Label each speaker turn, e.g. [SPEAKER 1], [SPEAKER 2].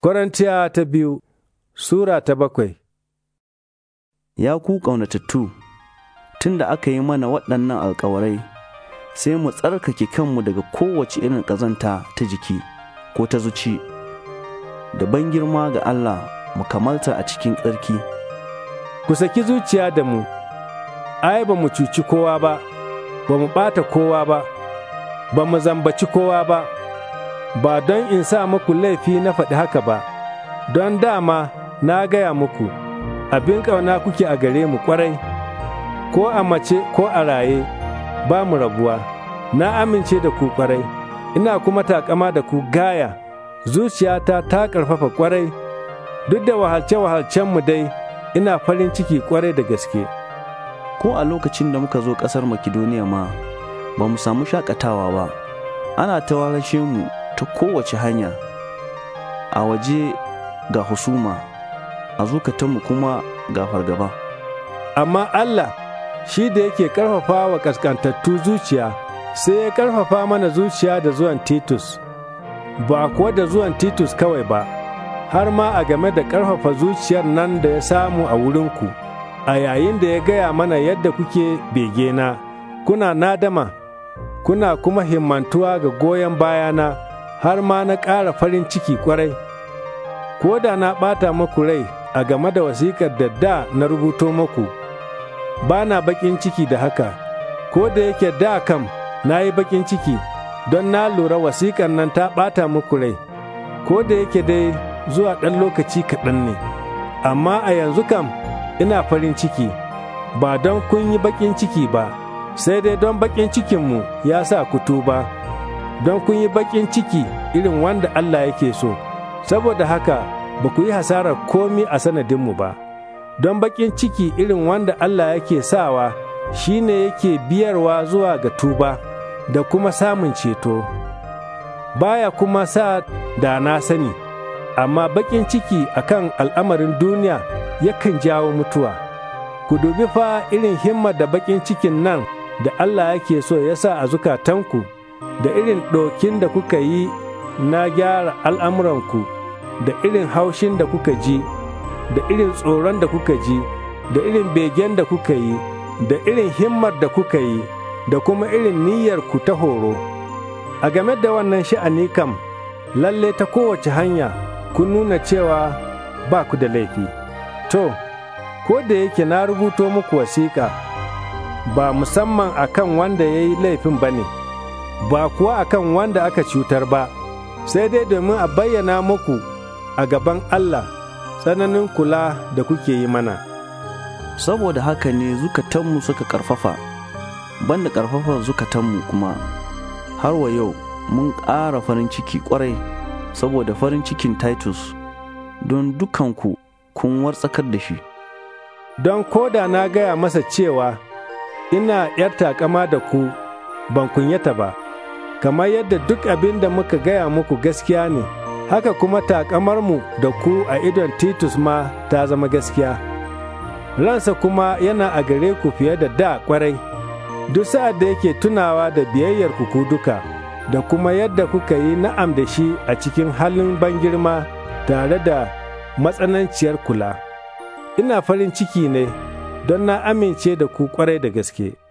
[SPEAKER 1] Korintiya ta biyu Sura ta bakwai Ya ku ƙaunatattu, tun da aka yi mana waɗannan alkawarai, sai mu tsarkake kanmu daga kowace irin ƙazanta ta jiki ko ta zuci,
[SPEAKER 2] da ban girma ga Allah mu kamalta a cikin tsarki. Ku saki zuciya da mu, ai ba mu cuci kowa ba, ba mu ɓata kowa ba, ba mu zambaci kowa ba. ba don in sa muku laifi na faɗi haka ba, don dama na gaya muku, abin ƙauna kuke a gare mu ƙwarai, ko a mace ko a raye, ba mu rabuwa, na amince da ku ƙwarai, ina kuma taƙama da ku gaya, zuciyata ta ƙarfafa ƙwarai, duk da wahalce wahalcen mu dai, ina farin ciki ƙwarai
[SPEAKER 1] da gaske. Ko a lokacin da muka zo ƙasar Makidoniya ma, ba mu samu shakatawa ba, ana ta mu ta kowace hanya
[SPEAKER 2] a waje ga husuma a zukatanmu kuma ga fargaba amma Allah shi da yake ƙarfafa wa kaskantattu zuciya sai ya ƙarfafa mana zuciya da zuwan titus ba kuwa da zuwan titus kawai ba har ma a game da ƙarfafa zuciyar nan da ya samu a wurinku a yayin da ya gaya mana yadda kuke begena kuna nadama kuna kuma himmantuwa ga goyon bayana har ma na ƙara farin ciki kwarai? ko da na ɓata maku rai a game da wasiƙar da da na rubuto maku, ba na baƙin ciki da haka, ko da yake da kam na yi baƙin ciki don na lura wasiƙar nan ta ɓata maku rai, ko da yake dai zuwa ɗan lokaci kaɗan ne, amma a yanzu kam ina farin ciki, ba don kun yi baƙin ciki ba, sai dai don baƙin cikinmu ya sa ku tuba. don kun yi baƙin ciki irin wanda Allah yake so, saboda haka ba ku yi hasarar komi a sanadinmu ba, don baƙin ciki irin wanda Allah yake sawa shi ne yake biyarwa zuwa ga tuba da kuma samun ceto. Baya kuma sa da na sani, amma baƙin ciki a kan al'amarin duniya yakan jawo mutuwa. Ku dubi fa irin himma da baƙin cikin nan da Allah yake so ya sa a zukatanku. da irin ɗokin da kuka yi na gyara al'amuranku, da irin haushin da kuka ji, da irin tsoron da kuka ji, da irin begen da kuka yi, da irin himmar da kuka yi, da kuma irin niyyarku ta horo. A game da wannan sha'ani kam, lalle ta kowace hanya ku nuna cewa ba ku da laifi. To, ko da yake na rubuto muku wasiƙa, ba musamman a kan wanda ya yi laifin ba ne. ba kuwa akan wanda aka cutar ba, sai dai domin a bayyana muku a gaban Allah tsananin kula da kuke yi mana. Saboda haka ne zukatanmu suka ƙarfafa, banda ƙarfafar zukatanmu kuma,
[SPEAKER 1] har wa yau mun ƙara farin ciki ƙwarai saboda farin cikin
[SPEAKER 2] Titus, don dukanku kun wartsakar da shi. Don koda na gaya masa cewa, ina ‘yar takama da ku, ban kunyata ba. kamar yadda duk abin da muka gaya muku gaskiya ne, haka kuma mu da ku a idon Titus ma ta zama gaskiya. Ransa kuma yana a gare ku fiye da da kwarai, duk sa'ad da yake tunawa da biyayyar ku duka, da kuma yadda kuka yi na'am da shi a cikin halin ban girma tare da matsananciyar kula. Ina farin ciki ne don na amince da ku kwarai da gaske.